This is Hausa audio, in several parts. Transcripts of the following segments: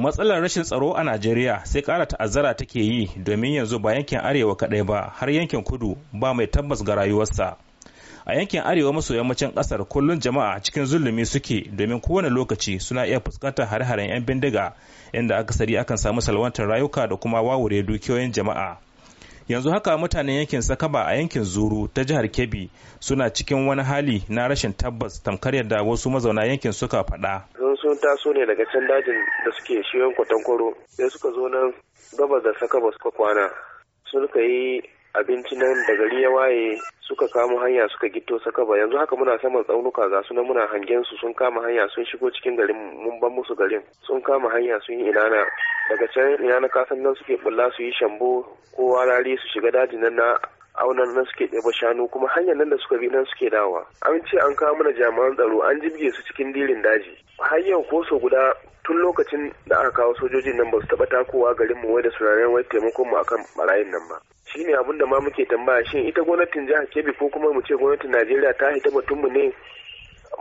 matsalar rashin tsaro a najeriya sai kara ta'azzara take yi domin yanzu ba yankin arewa kadai ba har yankin kudu ba mai tabbas ga rayuwarsa a yankin arewa maso yammacin kasar kullum jama'a cikin zulumi suke domin kowane lokaci suna iya fuskantar hare-haren 'yan bindiga inda akasari akan samu salwantar rayuka da kuma wawure dukiyoyin jama'a yanzu haka mutanen yankin sakaba a yankin zuru ta jihar kebbi suna cikin wani hali na rashin tabbas tamkar yadda wasu mazauna yankin suka faɗa sun taso ne daga can dajin da suke shiyon kwatankwaro sai suka zo nan gabas da sakaba suka kwana ka yi abinci nan da gari ya waye suka kamo hanya suka gito saka ba yanzu haka muna saman tsaunuka ga su muna hangen su sun kama hanya sun shigo cikin garin mun ban musu garin sun kama hanya sun yi inana daga can na kasan nan suke bulla su yi shambo ko warari su shiga dajin nan na aunan na nan suke ɗeba shanu kuma hanyar nan da suka bi nan suke dawa an ce an kawo mana jami'an tsaro an jibge su cikin dirin daji har yau ko so guda tun lokacin da aka kawo sojojin nan ba su taɓa takowa garin mu wai da suraren wai taimakon mu akan barayin nan ba shine abin da ma muke tambaya shin ita gwamnatin jihar kebbi ko kuma mu ce gwamnatin najeriya ta hita mu ne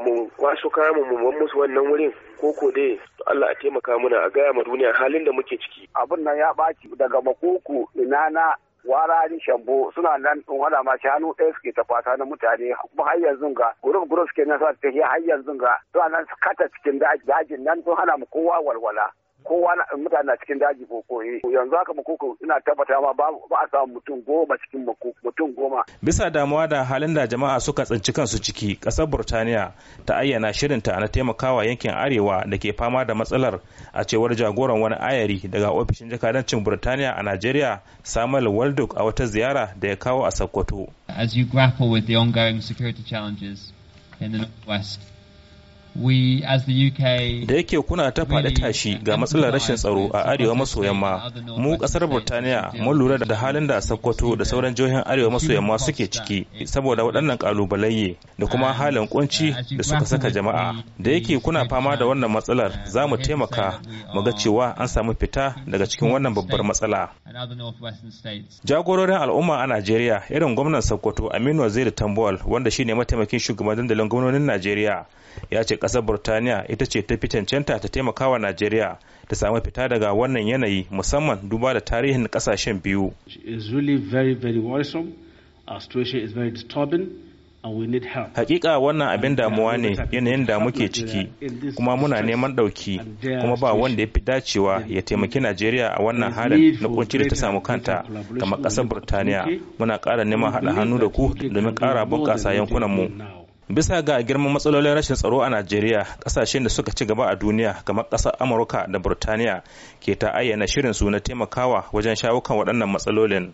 mu kwaso kayan mu ban musu wannan wurin ko ko dai Allah a taimaka muna a gaya ma duniya halin da muke ciki abin nan ya ɓaci daga makoko ina na Wara ni shambo suna nan in wada ma shanu ɗaya suke ta fata na mutane kuma har yanzu ga gurup gurup suke nan suna tafiya har yanzu ga suna nan su kata cikin dajin nan sun hana mu kowa walwala kowa mutane na cikin daji ko koye eh, yanzu haka makoko ina tabbata ma ba a samu mutum goma cikin mutum goma bisa damuwa da halin da jama'a suka tsinci kansu ciki kasar burtaniya ta ayyana shirinta na taimakawa yankin arewa da ke fama da matsalar a cewar jagoran wani ayari daga ofishin jakadancin burtaniya a nigeria samuel walduk a wata ziyara da ya kawo a sokoto as you grapple with the ongoing security challenges da yake kuna ta faɗi tashi ga matsalar rashin tsaro a arewa maso yamma mu ƙasar burtaniya mun lura da halin da sokoto da sauran jihohin arewa maso yamma suke ciki saboda waɗannan ƙalubalaye da kuma halin kunci uh, da suka saka jama'a da yake kuna fama da wannan matsalar uh, za mu taimaka mu ga cewa an samu fita daga cikin wannan babbar matsala Jagororin al'umma a Najeriya irin gwamnan Sokoto Aminu Waziri Tambol wanda shi ne mataimakin shugaban dandalin gwamnonin Najeriya ya ce ƙasar Burtaniya ita ce ta fi cancanta ta taimakawa Najeriya ta samu fita daga wannan yanayi musamman duba da tarihin ƙasashen biyu. is really very very worrisome. is very disturbing. Hakika wannan abin damuwa ne yanayin da muke ciki kuma muna neman ɗauki kuma ba wanda ya fi dacewa ya taimaki Najeriya a wannan halin na kunci da ta samu kanta kamar ƙasar Burtaniya muna ƙara neman haɗa hannu da ku domin ƙara bunƙasa mu. Bisa ga girman matsalolin rashin tsaro a Najeriya, ƙasashen da suka ci gaba a duniya kamar ƙasar Amurka da Burtaniya ke ta ayyana shirin su na taimakawa wajen shawo kan waɗannan matsalolin.